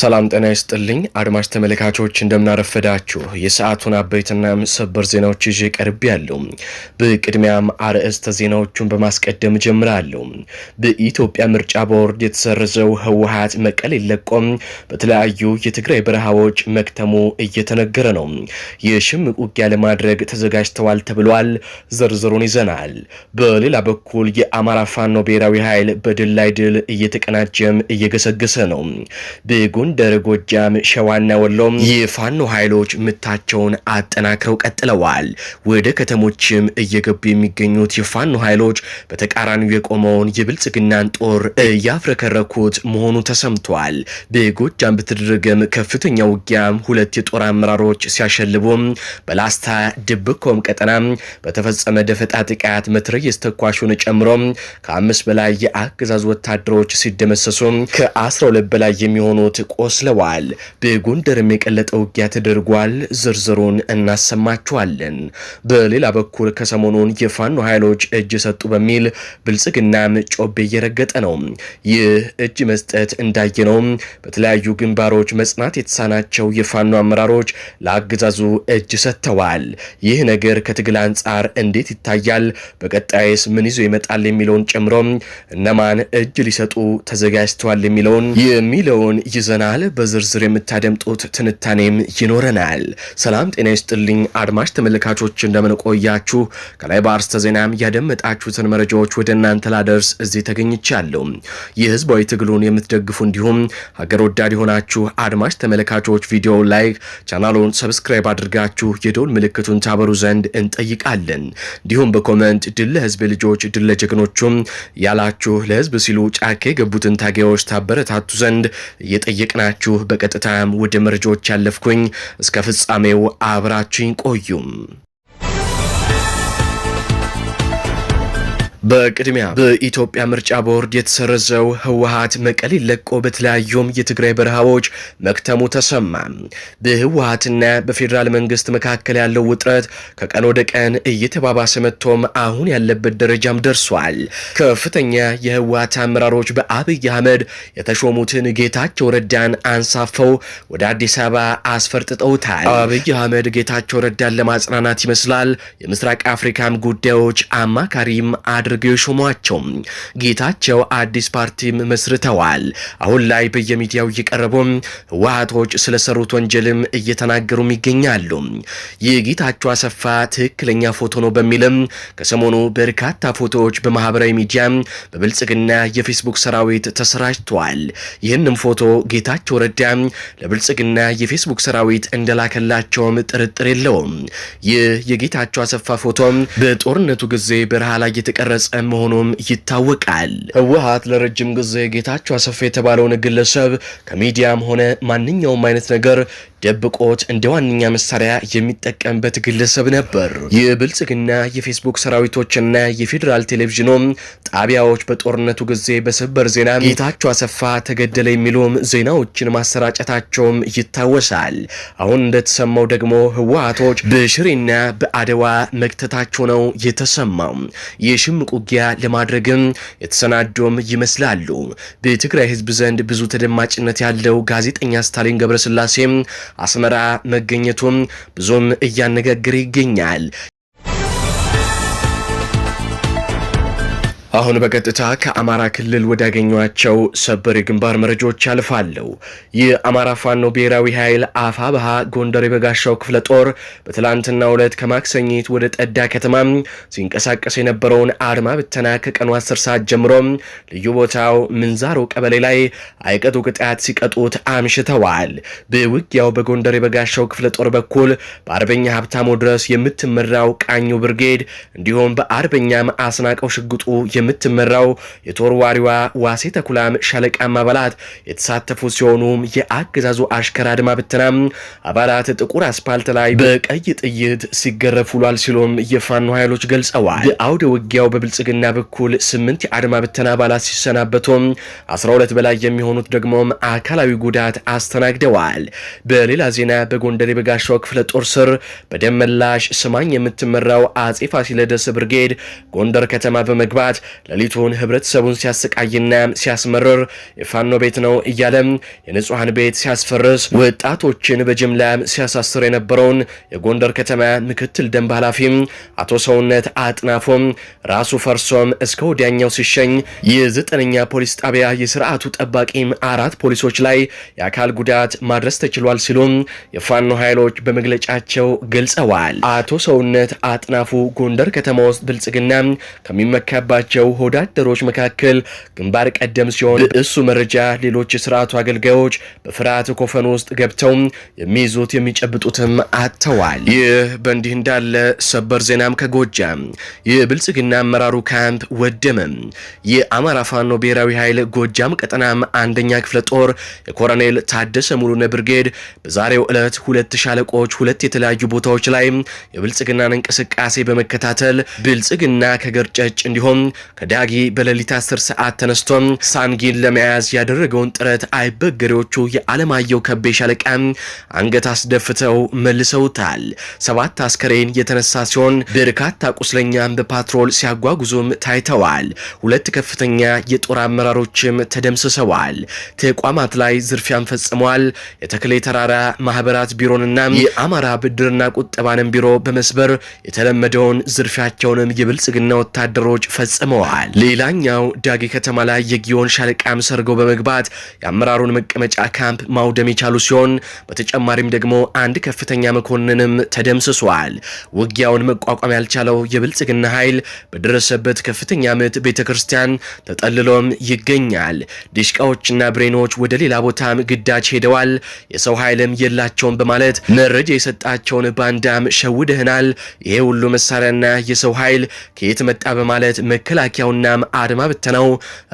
ሰላም ጤና ይስጥልኝ አድማጭ ተመልካቾች፣ እንደምናረፈዳችሁ የሰዓቱን አበይትና ሰበር ዜናዎች ይዤ ቀርብ ያለው። በቅድሚያም አርዕስተ ዜናዎቹን በማስቀደም ጀምራለሁ። በኢትዮጵያ ምርጫ ቦርድ የተሰረዘው ህወሀት መቀሌ ለቆም በተለያዩ የትግራይ በረሃዎች መክተሙ እየተነገረ ነው። የሽምቅ ውጊያ ለማድረግ ተዘጋጅተዋል ተብሏል። ዝርዝሩን ይዘናል። በሌላ በኩል የአማራ ፋኖ ብሔራዊ ኃይል በድል ላይ ድል እየተቀናጀም እየገሰገሰ ነው። አሁን ጎጃም፣ ሸዋና ወሎም የፋኖ ኃይሎች ምታቸውን አጠናክረው ቀጥለዋል። ወደ ከተሞችም እየገቡ የሚገኙት የፋኖ ኃይሎች በተቃራኒው የቆመውን የብልጽግናን ጦር እያፍረከረኩት መሆኑ ተሰምቷል። በጎጃም በተደረገም ከፍተኛ ውጊያም ሁለት የጦር አመራሮች ሲያሸልቡም በላስታ ድብኮም ቀጠና በተፈጸመ ደፈጣ ጥቃት መትረየስ ተኳሹን ጨምሮ ከአምስት በላይ የአገዛዙ ወታደሮች ሲደመሰሱ ከአስራ ሁለት በላይ የሚሆኑት ቆስለዋል። በጎንደርም የቀለጠ ውጊያ ተደርጓል። ዝርዝሩን እናሰማችኋለን። በሌላ በኩል ከሰሞኑን የፋኖ ኃይሎች እጅ ሰጡ በሚል ብልጽግናም ጮቤ እየረገጠ ነው። ይህ እጅ መስጠት እንዳየነው በተለያዩ ግንባሮች መጽናት የተሳናቸው የፋኖ አመራሮች ለአገዛዙ እጅ ሰጥተዋል። ይህ ነገር ከትግል አንጻር እንዴት ይታያል? በቀጣይስ ምን ይዞ ይመጣል? የሚለውን ጨምሮ እነማን እጅ ሊሰጡ ተዘጋጅተዋል የሚለውን የሚለውን ይዘና ይሆናል። በዝርዝር የምታደምጡት ትንታኔም ይኖረናል። ሰላም ጤና ይስጥልኝ አድማጭ ተመልካቾች እንደምንቆያችሁ። ከላይ በአርስተ ዜናም ያደመጣችሁትን መረጃዎች ወደ እናንተ ላደርስ እዚህ ተገኝቻለሁ። የህዝባዊ ትግሉን የምትደግፉ እንዲሁም ሀገር ወዳድ የሆናችሁ አድማጭ ተመልካቾች ቪዲዮ ላይክ፣ ቻናሉን ሰብስክራይብ አድርጋችሁ የደውል ምልክቱን ታበሩ ዘንድ እንጠይቃለን። እንዲሁም በኮመንት ድል ለህዝብ ልጆች ድል ለጀግኖቹም ያላችሁ ለህዝብ ሲሉ ጫካ የገቡትን ታጋዮች ታበረታቱ ዘንድ እየጠየቀ ናችሁ። በቀጥታ ውድ ምርጆች ያለፍኩኝ፣ እስከ ፍጻሜው አብራችሁኝ ቆዩም። በቅድሚያ በኢትዮጵያ ምርጫ ቦርድ የተሰረዘው ህወሀት መቀሌ ለቆ በተለያዩም የትግራይ በረሃቦች መክተሙ ተሰማ። በህወሀትና በፌዴራል መንግስት መካከል ያለው ውጥረት ከቀን ወደ ቀን እየተባባሰ መጥቶም አሁን ያለበት ደረጃም ደርሷል። ከፍተኛ የህወሀት አመራሮች በአብይ አህመድ የተሾሙትን ጌታቸው ረዳን አንሳፈው ወደ አዲስ አበባ አስፈርጥጠውታል። አብይ አህመድ ጌታቸው ረዳን ለማጽናናት ይመስላል የምስራቅ አፍሪካም ጉዳዮች አማካሪም አድር አድርገው የሾሟቸው ጌታቸው አዲስ ፓርቲም መስርተዋል። አሁን ላይ በየሚዲያው እየቀረቡ ህወሓቶች ስለሰሩት ወንጀልም እየተናገሩም ይገኛሉ። የጌታቸው አሰፋ ትክክለኛ ፎቶ ነው በሚልም ከሰሞኑ በርካታ ፎቶዎች በማህበራዊ ሚዲያ በብልጽግና የፌስቡክ ሰራዊት ተሰራጭተዋል። ይህንም ፎቶ ጌታቸው ረዳ ለብልጽግና የፌስቡክ ሰራዊት እንደላከላቸውም ጥርጥር የለውም። ይህ የጌታቸው አሰፋ ፎቶ በጦርነቱ ጊዜ በረሃ ላይ የተቀረጸ እየገለጸ መሆኑም ይታወቃል። ህወሀት ለረጅም ጊዜ ጌታቸው አሰፋ የተባለውን ግለሰብ ከሚዲያም ሆነ ማንኛውም አይነት ነገር ደብቆት እንደ ዋነኛ መሳሪያ የሚጠቀምበት ግለሰብ ነበር። የብልጽግና የፌስቡክ ሰራዊቶችና የፌዴራል ቴሌቪዥኑም ጣቢያዎች በጦርነቱ ጊዜ በሰበር ዜና ጌታቸው አሰፋ ተገደለ የሚሉም ዜናዎችን ማሰራጨታቸውም ይታወሳል። አሁን እንደተሰማው ደግሞ ህወሀቶች በሽሬና በአደዋ መክተታቸው ነው የተሰማው። የሽምቁ ውጊያ ለማድረግም የተሰናዶም ይመስላሉ። በትግራይ ህዝብ ዘንድ ብዙ ተደማጭነት ያለው ጋዜጠኛ ስታሊን ገብረስላሴ አስመራ መገኘቱም ብዙም እያነጋገረ ይገኛል። አሁን በቀጥታ ከአማራ ክልል ወዳገኟቸው ሰበር የግንባር መረጃዎች ያልፋለሁ። የአማራ ፋኖ ብሔራዊ ኃይል ባሃ ጎንደር የበጋሻው ክፍለ ጦር በትላንትና ዕለት ከማክሰኝት ወደ ጠዳ ከተማ ሲንቀሳቀስ የነበረውን አድማ ብተና ከቀኑ 10 ሰዓት ጀምሮ ልዩ ቦታው ምንዛሮ ቀበሌ ላይ አይቀጡ ቅጣት ሲቀጡት አምሽተዋል። በውጊያው በጎንደር የበጋሻው ክፍለ ጦር በኩል በአርበኛ ሀብታሙ ድረስ የምትመራው ቃኙ ብርጌድ እንዲሁም በአርበኛም አስናቀው ሽጉጡ የምትመራው የተወርዋሪዋ ዋሴ ተኩላም ሻለቃም አባላት የተሳተፉ ሲሆኑም የአገዛዙ አሽከር አድማ ብትናም አባላት ጥቁር አስፓልት ላይ በቀይ ጥይት ሲገረፉ ውሏል ሲሉም የፋኖ ኃይሎች ገልጸዋል። በአውደ ውጊያው በብልጽግና በኩል ስምንት የአድማ ብተና አባላት ሲሰናበቱም 12 በላይ የሚሆኑት ደግሞም አካላዊ ጉዳት አስተናግደዋል። በሌላ ዜና በጎንደር የበጋሻው ክፍለ ጦር ስር በደመላሽ ስማኝ የምትመራው አጼ ፋሲለደስ ብርጌድ ጎንደር ከተማ በመግባት ሌሊቱን ህብረተሰቡን ሲያሰቃይና ሲያስመርር የፋኖ ቤት ነው እያለም የንጹሐን ቤት ሲያስፈርስ ወጣቶችን በጅምላ ሲያሳስር የነበረውን የጎንደር ከተማ ምክትል ደንብ ኃላፊም አቶ ሰውነት አጥናፎም ራሱ ፈርሶም እስከ ወዲያኛው ሲሸኝ የዘጠነኛ ፖሊስ ጣቢያ የስርዓቱ ጠባቂም አራት ፖሊሶች ላይ የአካል ጉዳት ማድረስ ተችሏል ሲሉም የፋኖ ኃይሎች በመግለጫቸው ገልጸዋል። አቶ ሰውነት አጥናፉ ጎንደር ከተማ ውስጥ ብልጽግና ከሚመካባቸው ካላቸው ሆዳደሮች መካከል ግንባር ቀደም ሲሆን እሱ መረጃ ሌሎች የስርዓቱ አገልጋዮች በፍርሃት ኮፈን ውስጥ ገብተው የሚይዙት የሚጨብጡትም አጥተዋል። ይህ በእንዲህ እንዳለ ሰበር ዜናም ከጎጃም የብልጽግና አመራሩ ካምፕ ወደመ። የአማራ ፋኖ ብሔራዊ ኃይል ጎጃም ቀጠናም አንደኛ ክፍለ ጦር የኮሎኔል ታደሰ ሙሉነ ብርጌድ በዛሬው ዕለት ሁለት ሻለቆች ሁለት የተለያዩ ቦታዎች ላይ የብልጽግናን እንቅስቃሴ በመከታተል ብልጽግና ከገርጨጭ እንዲሁም ከዳጊ በሌሊት 10 ሰዓት ተነስቶ ሳንጊን ለመያዝ ያደረገውን ጥረት አይበገሬዎቹ የአለማየሁ ከቤ ሻለቃ አንገት አስደፍተው መልሰውታል። ሰባት አስከሬን የተነሳ ሲሆን በርካታ ቁስለኛም በፓትሮል ሲያጓጉዙም ታይተዋል። ሁለት ከፍተኛ የጦር አመራሮችም ተደምስሰዋል። ተቋማት ላይ ዝርፊያም ፈጽመዋል። የተክሌ ተራራ ማህበራት ቢሮንና የአማራ ብድርና ቁጠባንም ቢሮ በመስበር የተለመደውን ዝርፊያቸውንም የብልጽግና ወታደሮች ፈጽመዋል። ፈጽመዋል። ሌላኛው ዳጊ ከተማ ላይ የጊዮን ሻለቃም ሰርገው በመግባት የአመራሩን መቀመጫ ካምፕ ማውደም የቻሉ ሲሆን በተጨማሪም ደግሞ አንድ ከፍተኛ መኮንንም ተደምስሷል። ውጊያውን መቋቋም ያልቻለው የብልጽግና ኃይል በደረሰበት ከፍተኛ ምት ቤተ ክርስቲያን ተጠልሎም ይገኛል። ዲሽቃዎችና ብሬኖች ወደ ሌላ ቦታም ግዳጅ ሄደዋል። የሰው ኃይልም የላቸውም በማለት መረጃ የሰጣቸውን ባንዳም ሸውደህናል። ይሄ ሁሉ መሳሪያና የሰው ኃይል ከየት መጣ በማለት መከላ መከላከያውናም አድማ ብተናው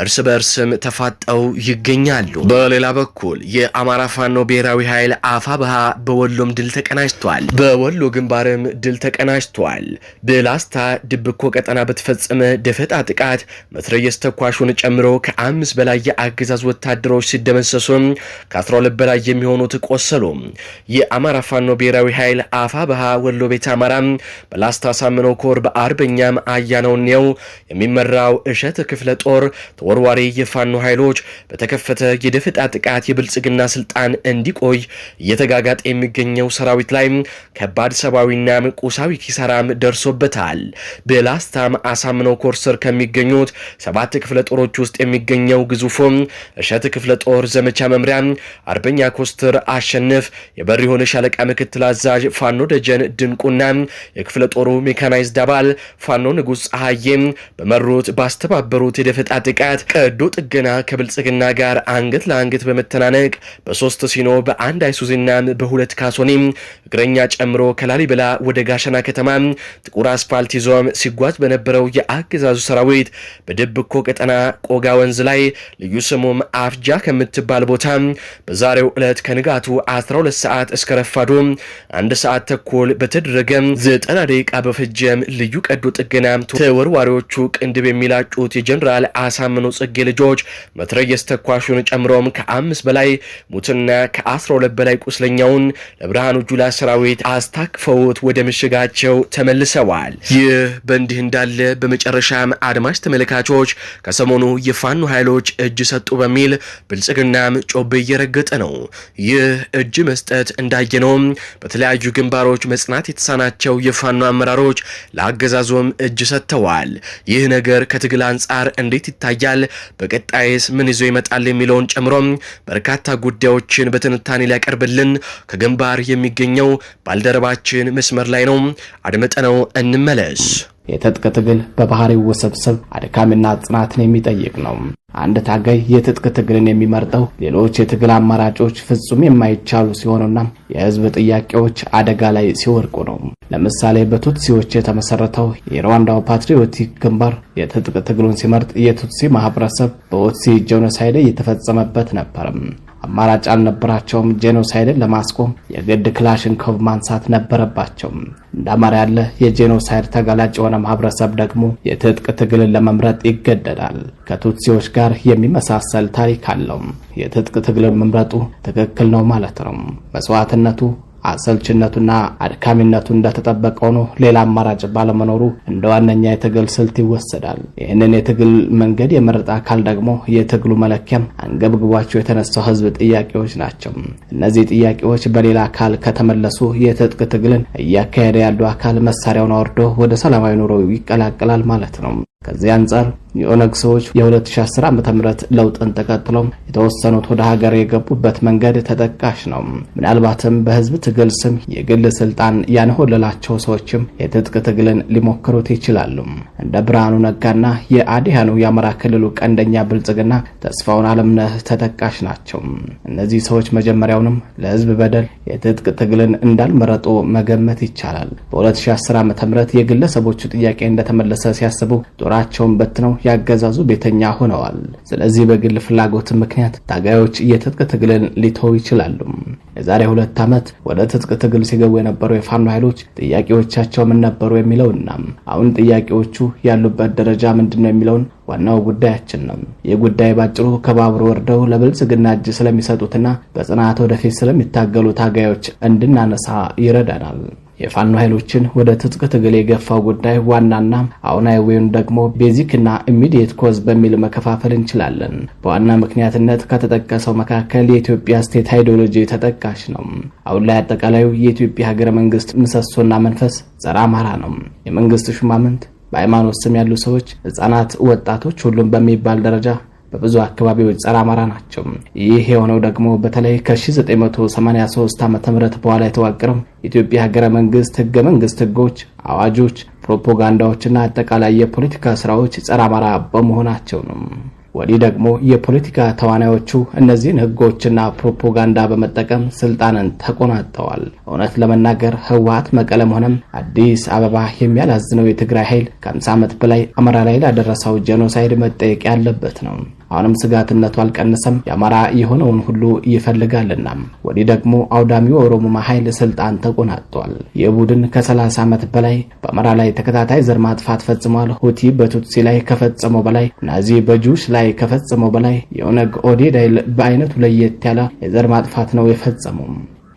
እርስ በእርስም ተፋጠው ይገኛሉ። በሌላ በኩል የአማራ ፋኖ ብሔራዊ ኃይል አፋ በሃ በወሎም ድል ተቀናጅቷል። በወሎ ግንባርም ድል ተቀናጅቷል። በላስታ ድብኮ ቀጠና በተፈጸመ ደፈጣ ጥቃት መትረየስ ተኳሹን ጨምሮ ከአምስት በላይ የአገዛዝ ወታደሮች ሲደመሰሱ ከ12 በላይ የሚሆኑት ቆሰሉ። የአማራ ፋኖ ብሔራዊ ኃይል አፋብሃ ወሎ ቤተ አማራ በላስታ ሳምኖ ኮር በአርበኛም አያነው ነው የሚመ የሚመራው እሸት ክፍለ ጦር ተወርዋሪ የፋኖ ኃይሎች በተከፈተ የደፈጣ ጥቃት የብልጽግና ስልጣን እንዲቆይ እየተጋጋጠ የሚገኘው ሰራዊት ላይ ከባድ ሰብአዊና ቁሳዊ ኪሳራም ደርሶበታል። በላስታም አሳምነው ኮርሰር ከሚገኙት ሰባት ክፍለ ጦሮች ውስጥ የሚገኘው ግዙፎ እሸት ክፍለ ጦር ዘመቻ መምሪያ አርበኛ ኮስተር አሸንፍ የበር የሆነ ሻለቃ ምክትል አዛዥ ፋኖ ደጀን ድንቁና የክፍለ ጦሩ ሜካናይዝድ አባል ፋኖ ንጉሥ ፀሐዬም በመሩ ሮት ባስተባበሩት የደፈጣ ጥቃት ቀዶ ጥገና ከብልጽግና ጋር አንገት ለአንገት በመተናነቅ በሶስት ሲኖ በአንድ አይሱዚና በሁለት ካሶኒም እግረኛ ጨምሮ ከላሊበላ ወደ ጋሸና ከተማ ጥቁር አስፋልት ይዞም ሲጓዝ በነበረው የአገዛዙ ሰራዊት በድብኮ ቀጠና ቆጋ ወንዝ ላይ ልዩ ስሙም አፍጃ ከምትባል ቦታ በዛሬው ዕለት ከንጋቱ 12 ሰዓት እስከ ረፋዶ አንድ ሰዓት ተኩል በተደረገ ዘጠና ደቂቃ በፈጀም ልዩ ቀዶ ጥገና ተወርዋሪዎቹ ቅንድ ግድብ የሚላጩት የጀኔራል አሳምነው ጽጌ ልጆች መትረየስ ተኳሹን ጨምሮም ከአምስት በላይ ሙትና ከአስራ ሁለት በላይ ቁስለኛውን ለብርሃኑ ጁላ ሰራዊት አስታክፈውት ወደ ምሽጋቸው ተመልሰዋል። ይህ በእንዲህ እንዳለ በመጨረሻም አድማጭ ተመልካቾች ከሰሞኑ የፋኖ ኃይሎች እጅ ሰጡ በሚል ብልጽግናም ጮቤ እየረገጠ ነው። ይህ እጅ መስጠት እንዳየነውም በተለያዩ ግንባሮች መጽናት የተሳናቸው የፋኖ አመራሮች ለአገዛዞም እጅ ሰጥተዋል። ይህ ነገር ነገር ከትግል አንጻር እንዴት ይታያል፣ በቀጣይስ ምን ይዞ ይመጣል የሚለውን ጨምሮ በርካታ ጉዳዮችን በትንታኔ ሊያቀርብልን ከግንባር የሚገኘው ባልደረባችን መስመር ላይ ነው። አድምጠነው እንመለስ። የትጥቅ ትግል በባህሪው ውስብስብ አድካሚና ጽናትን የሚጠይቅ ነው። አንድ ታጋይ የትጥቅ ትግልን የሚመርጠው ሌሎች የትግል አማራጮች ፍጹም የማይቻሉ ሲሆኑና የህዝብ ጥያቄዎች አደጋ ላይ ሲወርቁ ነው። ለምሳሌ በቱትሲዎች የተመሰረተው የሩዋንዳው ፓትሪዮቲክ ግንባር የትጥቅ ትግሉን ሲመርጥ የቱትሲ ማህበረሰብ በኦትሲ ጄኖሳይድ እየተፈጸመበት ነበርም። አማራጭ አልነበራቸውም። ጄኖሳይድን ለማስቆም የግድ ክላሽንኮቭ ማንሳት ነበረባቸው። እንደ አማራ ያለ የጄኖሳይድ ተጋላጭ የሆነ ማህበረሰብ ደግሞ የትጥቅ ትግልን ለመምረጥ ይገደዳል። ከቱትሲዎች ጋር የሚመሳሰል ታሪክ አለው። የትጥቅ ትግልን መምረጡ ትክክል ነው ማለት ነው። መስዋዕትነቱ አሰልችነቱና አድካሚነቱ እንደተጠበቀ ሆኖ ሌላ አማራጭ ባለመኖሩ እንደ ዋነኛ የትግል ስልት ይወሰዳል። ይህንን የትግል መንገድ የመረጠ አካል ደግሞ የትግሉ መለኪያም አንገብግቧቸው የተነሳው ህዝብ ጥያቄዎች ናቸው። እነዚህ ጥያቄዎች በሌላ አካል ከተመለሱ የትጥቅ ትግልን እያካሄደ ያለው አካል መሳሪያውን አወርዶ ወደ ሰላማዊ ኑሮ ይቀላቀላል ማለት ነው። ከዚህ አንጻር የኦነግ ሰዎች የ2010 ዓ ም ለውጥን ተከትሎ የተወሰኑት ወደ ሀገር የገቡበት መንገድ ተጠቃሽ ነው። ምናልባትም በህዝብ ትግል ስም የግል ስልጣን ያንሆለላቸው ሰዎችም የትጥቅ ትግልን ሊሞክሩት ይችላሉ። እንደ ብርሃኑ ነጋና የአዲያኑ የአማራ ክልሉ ቀንደኛ ብልጽግና ተስፋውን አለምነህ ተጠቃሽ ናቸው። እነዚህ ሰዎች መጀመሪያውንም ለህዝብ በደል የትጥቅ ትግልን እንዳልመረጡ መገመት ይቻላል። በ2010 ዓ ም የግለሰቦቹ ጥያቄ እንደተመለሰ ሲያስቡ ጦራቸውን በትነው ያገዛዙ ቤተኛ ሆነዋል። ስለዚህ በግል ፍላጎት ምክንያት ታጋዮች የትጥቅ ትግልን ሊተው ይችላሉ። የዛሬ ሁለት ዓመት ወደ ትጥቅ ትግል ሲገቡ የነበሩ የፋኖ ኃይሎች ጥያቄዎቻቸው ምን ነበሩ የሚለውና አሁን ጥያቄዎቹ ያሉበት ደረጃ ምንድን ነው የሚለውን ዋናው ጉዳያችን ነው። ይህ ጉዳይ ባጭሩ ከባቡር ወርደው ለብልጽግና እጅ ስለሚሰጡትና በጽናት ወደፊት ስለሚታገሉ ታጋዮች እንድናነሳ ይረዳናል። የፋኖ ኃይሎችን ወደ ትጥቅ ትግል የገፋው ጉዳይ ዋናና አሁናዊ ወይም ደግሞ ቤዚክና ኢሚዲየት ኮዝ በሚል መከፋፈል እንችላለን። በዋና ምክንያትነት ከተጠቀሰው መካከል የኢትዮጵያ ስቴት ሃይዲዮሎጂ ተጠቃሽ ነው። አሁን ላይ አጠቃላዩ የኢትዮጵያ ሀገረ መንግስት ምሰሶና መንፈስ ጸረ አማራ ነው። የመንግስት ሹማምንት፣ በሃይማኖት ስም ያሉ ሰዎች፣ ህጻናት፣ ወጣቶች ሁሉም በሚባል ደረጃ በብዙ አካባቢዎች ጸረ አማራ ናቸው። ይህ የሆነው ደግሞ በተለይ ከ1983 ዓ ም በኋላ የተዋቀረው የኢትዮጵያ ሀገረ መንግስት ህገ መንግስት ህጎች፣ አዋጆች፣ ፕሮፓጋንዳዎችና አጠቃላይ የፖለቲካ ስራዎች ጸረ አማራ በመሆናቸው ነው። ወዲህ ደግሞ የፖለቲካ ተዋናዮቹ እነዚህን ህጎችና ፕሮፓጋንዳ በመጠቀም ስልጣንን ተቆናጠዋል። እውነት ለመናገር ህወሀት መቀለም ሆነም አዲስ አበባ የሚያላዝነው የትግራይ ኃይል ከ50 ዓመት በላይ አማራ ላይ ላደረሰው ጄኖሳይድ መጠየቅ ያለበት ነው። አሁንም ስጋትነቱ አልቀነሰም። የአማራ የሆነውን ሁሉ ይፈልጋልና ወዲህ ደግሞ አውዳሚው ኦሮሞማ ኃይል ስልጣን ተቆናጧል። ይህ ቡድን ከ30 ዓመት በላይ በአማራ ላይ ተከታታይ ዘር ማጥፋት ፈጽሟል። ሁቲ በቱትሲ ላይ ከፈጸመው በላይ፣ ናዚ በጁሽ ላይ ከፈጸመው በላይ የኦነግ ኦዴድ ኃይል በአይነቱ ለየት ያለ የዘር ማጥፋት ነው የፈጸመው።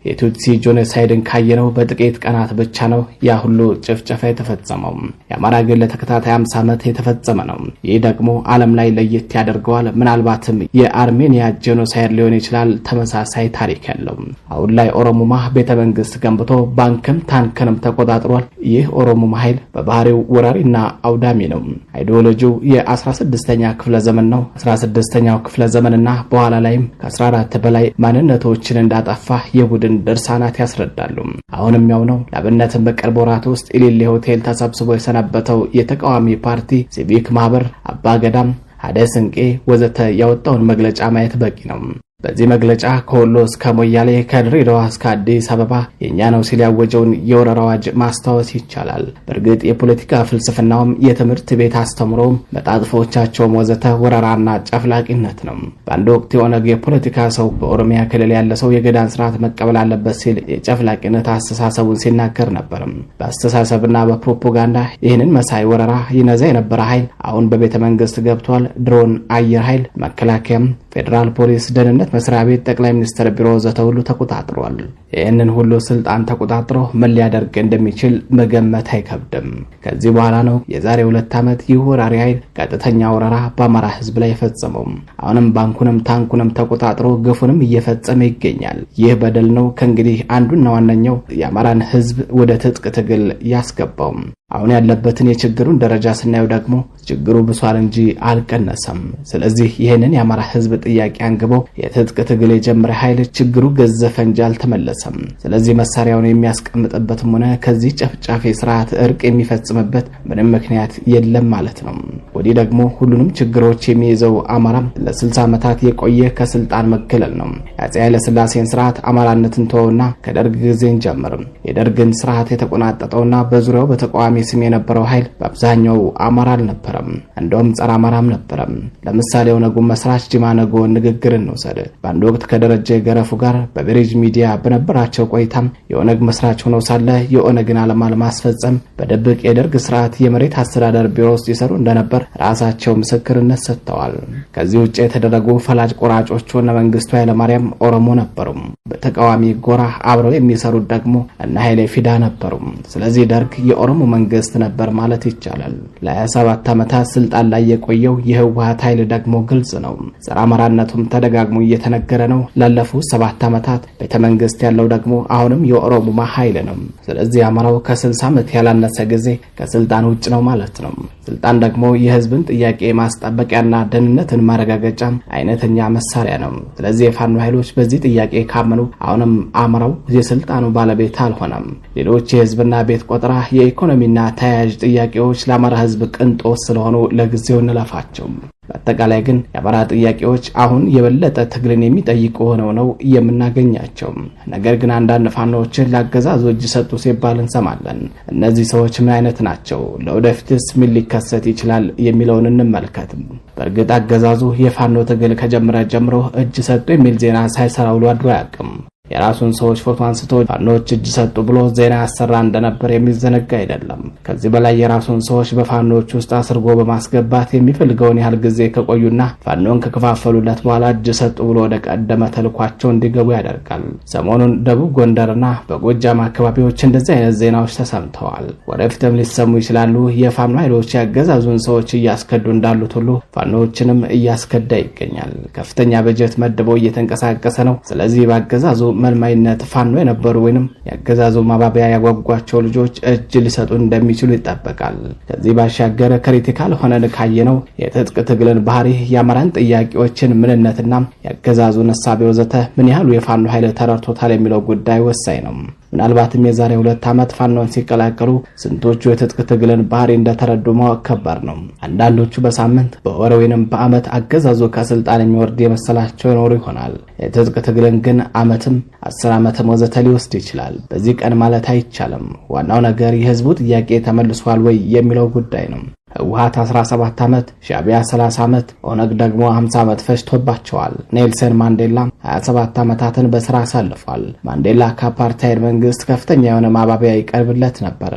የቱትሲ ጄኖሳይድን ካየነው በጥቂት ቀናት ብቻ ነው ያ ሁሉ ጭፍጨፋ የተፈጸመው። የአማራ ግን ለተከታታይ 50 ዓመት የተፈጸመ ነው። ይህ ደግሞ ዓለም ላይ ለየት ያደርገዋል። ምናልባትም የአርሜኒያ ጄኖሳይድ ሊሆን ይችላል ተመሳሳይ ታሪክ ያለው። አሁን ላይ ኦሮሞማ ቤተ መንግስት ገንብቶ ባንክም ታንክንም ተቆጣጥሯል። ይህ ኦሮሞማ ኃይል በባህሪው ወራሪና አውዳሚ ነው። አይዲዮሎጂው የ16ኛ ክፍለ ዘመን ነው። 16ኛው ክፍለ ዘመንና በኋላ ላይም ከ14 በላይ ማንነቶችን እንዳጠፋ የቡድን ግን ድርሳናት ያስረዳሉ። አሁንም ያው ነው። ለአብነትም በቅርብ ወራት ውስጥ ኢሊሌ ሆቴል ተሰብስቦ የሰነበተው የተቃዋሚ ፓርቲ ሲቪክ ማህበር፣ አባገዳም አደስንቄ ስንቄ ወዘተ ያወጣውን መግለጫ ማየት በቂ ነው። በዚህ መግለጫ ከወሎ እስከ ሞያሌ ከድሬዳዋ እስከ አዲስ አበባ የእኛ ነው ሲል ያወጀውን የወረራ አዋጅ ማስታወስ ይቻላል። በእርግጥ የፖለቲካ ፍልስፍናውም የትምህርት ቤት አስተምሮም መጣጥፎቻቸውም ወዘተ ወረራና ጨፍላቂነት ነው። በአንድ ወቅት የኦነግ የፖለቲካ ሰው በኦሮሚያ ክልል ያለ ሰው የገዳን ስርዓት መቀበል አለበት ሲል የጨፍላቂነት አስተሳሰቡን ሲናገር ነበርም። በአስተሳሰብና በፕሮፓጋንዳ ይህንን መሳይ ወረራ ይነዛ የነበረ ኃይል አሁን በቤተ መንግስት ገብቷል። ድሮን፣ አየር ኃይል፣ መከላከያም፣ ፌዴራል ፖሊስ፣ ደህንነት መስሪያ ቤት፣ ጠቅላይ ሚኒስትር ቢሮ ወዘተ ሁሉ ተቆጣጥሯል። ይህንን ሁሉ ስልጣን ተቆጣጥሮ ምን ሊያደርግ እንደሚችል መገመት አይከብድም። ከዚህ በኋላ ነው የዛሬ ሁለት ዓመት ይህ ወራሪ ኃይል ቀጥተኛ ወረራ በአማራ ህዝብ ላይ የፈጸመው። አሁንም ባንኩንም ታንኩንም ተቆጣጥሮ ግፉንም እየፈጸመ ይገኛል። ይህ በደል ነው ከእንግዲህ አንዱና ዋነኛው የአማራን ህዝብ ወደ ትጥቅ ትግል ያስገባው። አሁን ያለበትን የችግሩን ደረጃ ስናየው ደግሞ ችግሩ ብሷል እንጂ አልቀነሰም። ስለዚህ ይህንን የአማራ ሕዝብ ጥያቄ አንግቦ የትጥቅ ትግል የጀመረ ኃይል ችግሩ ገዘፈ እንጂ አልተመለሰም። ስለዚህ መሳሪያውን የሚያስቀምጥበትም ሆነ ከዚህ ጨፍጫፊ ስርዓት እርቅ የሚፈጽምበት ምንም ምክንያት የለም ማለት ነው። ወዲህ ደግሞ ሁሉንም ችግሮች የሚይዘው አማራ ለ60 ዓመታት የቆየ ከስልጣን መገለል ነው። የአፄ ኃይለስላሴን ስርዓት አማራነትን ተወውና ከደርግ ጊዜን ጀምርም የደርግን ስርዓት የተቆናጠጠውና በዙሪያው በተቃዋሚ ስም የነበረው ኃይል በአብዛኛው አማራ አልነበረም፣ እንደውም ጸረ አማራም ነበረም። ለምሳሌ የኦነጉን መስራች ጅማ ነጎን ንግግር እንውሰድ። በአንድ ወቅት ከደረጀ ገረፉ ጋር በቤሬጅ ሚዲያ በነበራቸው ቆይታም የኦነግ መስራች ሆነው ሳለ የኦነግን ዓላማ ለማስፈጸም በድብቅ የደርግ ስርዓት የመሬት አስተዳደር ቢሮ ውስጥ ይሰሩ እንደነበር ራሳቸው ምስክርነት ሰጥተዋል። ከዚህ ውጭ የተደረጉ ፈላጭ ቆራጮቹና መንግስቱ ኃይለማርያም ኦሮሞ ነበሩም። በተቃዋሚ ጎራ አብረው የሚሰሩት ደግሞ እነ ኃይሌ ፊዳ ነበሩም። ስለዚህ ደርግ የኦሮሞ መንግስት ነበር ማለት ይቻላል። ለ27 ዓመታት ስልጣን ላይ የቆየው የህወሀት ኃይል ደግሞ ግልጽ ነው። ጸረ አማራነቱም ተደጋግሞ እየተነገረ ነው። ላለፉት ሰባት ዓመታት ቤተ መንግስት ያለው ደግሞ አሁንም የኦሮሙማ ኃይል ነው። ስለዚህ አማራው ከ60 ዓመት ያላነሰ ጊዜ ከስልጣን ውጭ ነው ማለት ነው። ስልጣን ደግሞ የህዝብን ጥያቄ ማስጠበቂያና ደህንነትን ማረጋገጫ አይነተኛ መሳሪያ ነው። ስለዚህ የፋኖ ኃይሎች በዚህ ጥያቄ ካመኑ አሁንም አማራው የስልጣኑ ባለቤት አልሆነም። ሌሎች የህዝብና ቤት ቆጠራ የኢኮኖሚ ኢኮኖሚና ተያያዥ ጥያቄዎች ለአማራ ህዝብ ቅንጦት ስለሆኑ ለጊዜው እንለፋቸው። በአጠቃላይ ግን የአማራ ጥያቄዎች አሁን የበለጠ ትግልን የሚጠይቁ ሆነው ነው የምናገኛቸው። ነገር ግን አንዳንድ ፋኖዎችን ለአገዛዙ እጅ ሰጡ ሲባል እንሰማለን። እነዚህ ሰዎች ምን አይነት ናቸው? ለወደፊትስ ምን ሊከሰት ይችላል? የሚለውን እንመልከት። በእርግጥ አገዛዙ የፋኖ ትግል ከጀመረ ጀምሮ እጅ ሰጡ የሚል ዜና ሳይሰራ ውሎ አድሮ አያውቅም። የራሱን ሰዎች ፎቶ አንስቶ ፋኖዎች እጅ ሰጡ ብሎ ዜና ያሰራ እንደነበር የሚዘነጋ አይደለም። ከዚህ በላይ የራሱን ሰዎች በፋኖዎች ውስጥ አስርጎ በማስገባት የሚፈልገውን ያህል ጊዜ ከቆዩና ፋኖን ከከፋፈሉለት በኋላ እጅ ሰጡ ብሎ ወደ ቀደመ ተልኳቸው እንዲገቡ ያደርጋል። ሰሞኑን ደቡብ ጎንደርና በጎጃም አካባቢዎች እንደዚህ አይነት ዜናዎች ተሰምተዋል፣ ወደፊትም ሊሰሙ ይችላሉ። የፋኖ ኃይሎች ያገዛዙን ሰዎች እያስከዱ እንዳሉት ሁሉ ፋኖዎችንም እያስከዳ ይገኛል። ከፍተኛ በጀት መድበው እየተንቀሳቀሰ ነው። ስለዚህ ባገዛዙ መልማይነት ፋኖ የነበሩ ወይም የአገዛዙ ማባቢያ ያጓጓቸው ልጆች እጅ ሊሰጡ እንደሚችሉ ይጠበቃል። ከዚህ ባሻገር ክሪቲካል ሆነን ካየነው የትጥቅ ትግልን ባህሪ፣ የአማራን ጥያቄዎችን ምንነትና የአገዛዙን እሳቤ ወዘተ ምን ያህሉ የፋኖ ኃይል ተረድቶታል የሚለው ጉዳይ ወሳኝ ነው። ምናልባትም የዛሬ ሁለት ዓመት ፋኖን ሲቀላቀሉ ስንቶቹ የትጥቅ ትግልን ባህሪ እንደተረዱ ማወቅ ከባድ ነው። አንዳንዶቹ በሳምንት በወር ወይንም በዓመት አገዛዙ ከስልጣን የሚወርድ የመሰላቸው ይኖሩ ይሆናል። የትጥቅ ትግልን ግን ዓመትም አስር ዓመትም ወዘተ ሊወስድ ይችላል። በዚህ ቀን ማለት አይቻልም። ዋናው ነገር የህዝቡ ጥያቄ ተመልሷል ወይ የሚለው ጉዳይ ነው። ህወሀት 17 ዓመት፣ ሻቢያ 30 ዓመት፣ ኦነግ ደግሞ 50 ዓመት ፈጅቶባቸዋል። ኔልሰን ማንዴላ 27 ዓመታትን በስራ አሳልፏል። ማንዴላ ከአፓርታይድ መንግስት ከፍተኛ የሆነ ማባቢያ ይቀርብለት ነበር።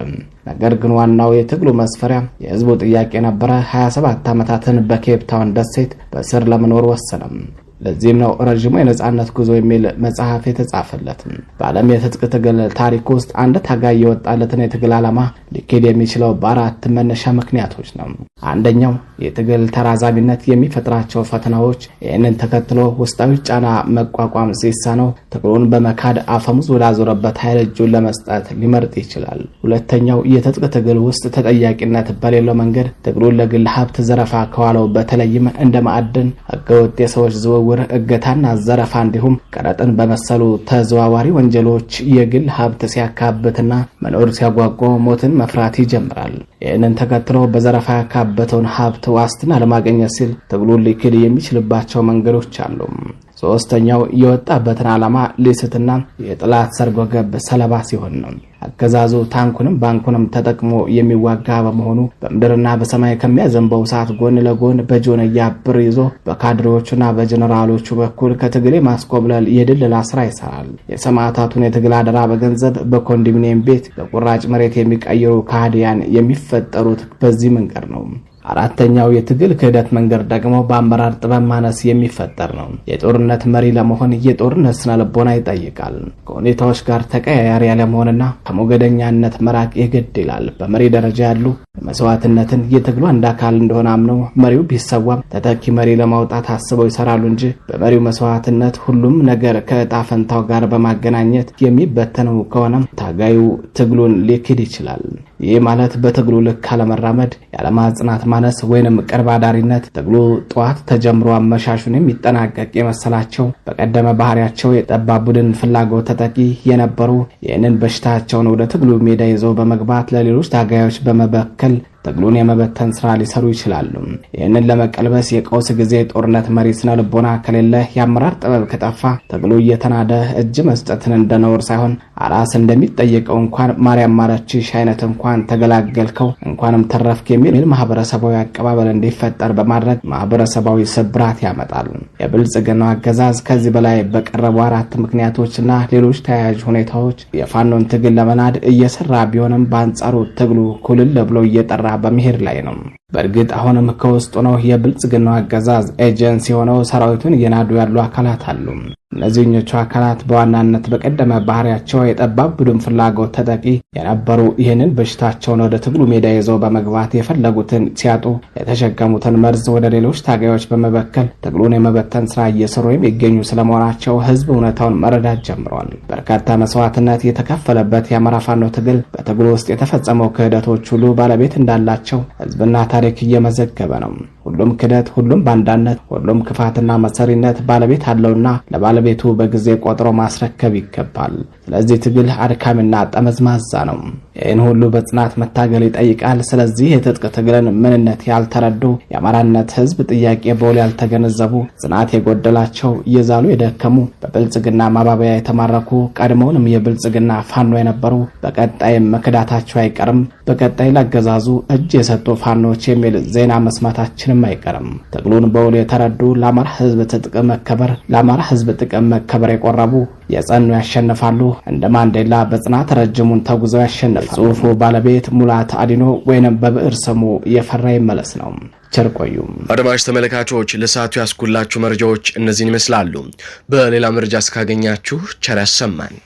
ነገር ግን ዋናው የትግሉ መስፈሪያ የህዝቡ ጥያቄ ነበረ። 27 ዓመታትን በኬፕታውን ደሴት በስር ለመኖር ወሰነም። ለዚህም ነው ረዥሙ የነጻነት ጉዞ የሚል መጽሐፍ የተጻፈለትም። በዓለም የትጥቅ ትግል ታሪክ ውስጥ አንድ ታጋይ የወጣለትን የትግል ዓላማ ሊኬድ የሚችለው በአራት መነሻ ምክንያቶች ነው። አንደኛው የትግል ተራዛሚነት የሚፈጥራቸው ፈተናዎች፣ ይህንን ተከትሎ ውስጣዊ ጫና መቋቋም ሲሳነው ትግሉን በመካድ አፈሙዝ ወዳዞረበት ኃይል እጁን ለመስጠት ሊመርጥ ይችላል። ሁለተኛው የትጥቅ ትግል ውስጥ ተጠያቂነት በሌለው መንገድ ትግሉን ለግል ሀብት ዘረፋ ከዋለው በተለይም እንደ ማዕድን፣ ህገወጥ የሰዎች ዝውውር ዝውውር፣ እገታና ዘረፋ እንዲሁም ቀረጥን በመሰሉ ተዘዋዋሪ ወንጀሎች የግል ሀብት ሲያካብትና መኖር ሲያጓጓ ሞትን መፍራት ይጀምራል። ይህንን ተከትሎ በዘረፋ ያካበተውን ሀብት ዋስትና ለማግኘት ሲል ትግሉን ሊክድ የሚችልባቸው መንገዶች አሉ። ሶስተኛው የወጣበትን ዓላማ ሊስትና የጥላት ሰርጎ ገብ ሰለባ ሲሆን ነው። አገዛዙ ታንኩንም ባንኩንም ተጠቅሞ የሚዋጋ በመሆኑ በምድርና በሰማይ ከሚያዘንበው ሰዓት ጎን ለጎን በጆንያ ብር ይዞ በካድሬዎቹና በጀኔራሎቹ በኩል ከትግሌ ማስኮብለል የድልላ ስራ ይሰራል። የሰማዕታቱን የትግል አደራ በገንዘብ በኮንዶሚኒየም ቤት በቁራጭ መሬት የሚቀይሩ ካህዲያን የሚፈጠሩት በዚህ መንገድ ነው። አራተኛው የትግል ክህደት መንገድ ደግሞ በአመራር ጥበብ ማነስ የሚፈጠር ነው። የጦርነት መሪ ለመሆን የጦርነት ስነ ልቦና ይጠይቃል። ከሁኔታዎች ጋር ተቀያያሪ ያለመሆንና ከሞገደኛነት መራቅ የግድ ይላል። በመሪ ደረጃ ያሉ መስዋዕትነትን የትግሉ አንድ አካል እንደሆነ አምነው መሪው ቢሰዋም ተተኪ መሪ ለማውጣት አስበው ይሰራሉ እንጂ በመሪው መስዋዕትነት ሁሉም ነገር ከእጣ ፈንታው ጋር በማገናኘት የሚበተነው ከሆነ ታጋዩ ትግሉን ሊክድ ይችላል። ይህ ማለት በትግሉ ልክ አለመራመድ፣ ያለማጽናት ማነስ ወይንም ቅርብ አዳሪነት፣ ትግሉ ጠዋት ተጀምሮ አመሻሹን የሚጠናቀቅ የመሰላቸው በቀደመ ባህሪያቸው የጠባብ ቡድን ፍላጎት ተጠቂ የነበሩ ይህንን በሽታቸውን ወደ ትግሉ ሜዳ ይዘው በመግባት ለሌሎች ታጋዮች በመበከል ángel ትግሉን የመበተን ስራ ሊሰሩ ይችላሉ። ይህንን ለመቀልበስ የቀውስ ጊዜ ጦርነት መሪ ስነ ልቦና ከሌለ፣ የአመራር ጥበብ ከጠፋ ትግሉ እየተናደ እጅ መስጠትን እንደ ነውር ሳይሆን አራስ እንደሚጠየቀው እንኳን ማርያም ማረችሽ አይነት እንኳን ተገላገልከው እንኳንም ተረፍክ የሚል ማህበረሰባዊ አቀባበል እንዲፈጠር በማድረግ ማህበረሰባዊ ስብራት ያመጣል። የብልጽግናው አገዛዝ ከዚህ በላይ በቀረቡ አራት ምክንያቶችና ሌሎች ተያያዥ ሁኔታዎች የፋኖን ትግል ለመናድ እየሰራ ቢሆንም በአንጻሩ ትግሉ ኩልል ብሎ እየጠራ በመሄድ ላይ ነው። በእርግጥ አሁንም ከውስጡ ነው የብልጽግናው አገዛዝ ኤጀንሲ የሆነው ሰራዊቱን እየናዱ ያሉ አካላት አሉ። እነዚህኞቹ አካላት በዋናነት በቀደመ ባህሪያቸው የጠባብ ቡድን ፍላጎት ተጠቂ የነበሩ ይህንን በሽታቸውን ወደ ትግሉ ሜዳ ይዘው በመግባት የፈለጉትን ሲያጡ የተሸከሙትን መርዝ ወደ ሌሎች ታጋዮች በመበከል ትግሉን የመበተን ስራ እየሰሩ የሚገኙ ስለመሆናቸው ህዝብ እውነታውን መረዳት ጀምሯል። በርካታ መስዋዕትነት የተከፈለበት የአማራ ፋኖ ትግል በትግሉ ውስጥ የተፈጸመው ክህደቶች ሁሉ ባለቤት እንዳላቸው ህዝብና ታሪክ እየመዘገበ ነው። ሁሉም ክደት፣ ሁሉም ባንዳነት፣ ሁሉም ክፋትና መሰሪነት ባለቤት አለውና ለባለቤቱ በጊዜ ቆጥሮ ማስረከብ ይገባል። ስለዚህ ትግል አድካሚና ጠመዝማዛ ነው። ይህን ሁሉ በጽናት መታገል ይጠይቃል። ስለዚህ የትጥቅ ትግልን ምንነት ያልተረዱ የአማራነት ህዝብ ጥያቄ በውል ያልተገነዘቡ ጽናት የጎደላቸው እየዛሉ የደከሙ በብልጽግና ማባበያ የተማረኩ ቀድሞውንም የብልጽግና ፋኖ የነበሩ በቀጣይም መክዳታቸው አይቀርም። በቀጣይ ላገዛዙ እጅ የሰጡ ፋኖች የሚል ዜና መስማታችን መገኘም አይቀርም። ትግሉን በውል የተረዱ ለአማራ ህዝብ ጥቅም መከበር ለአማራ ህዝብ ጥቅም መከበር የቆረቡ የጸኑ ያሸንፋሉ። እንደ ማንዴላ በጽናት ረጅሙን ተጉዘው ያሸንፋል። ጽሁፉ ባለቤት ሙላት አዲኖ ወይንም በብዕር ስሙ እየፈራ ይመለስ ነው። ቸር ቆዩ አድማጭ ተመልካቾች፣ ለሰዓቱ ያስኩላችሁ መረጃዎች እነዚህን ይመስላሉ። በሌላ መረጃ እስካገኛችሁ ቸር ያሰማን።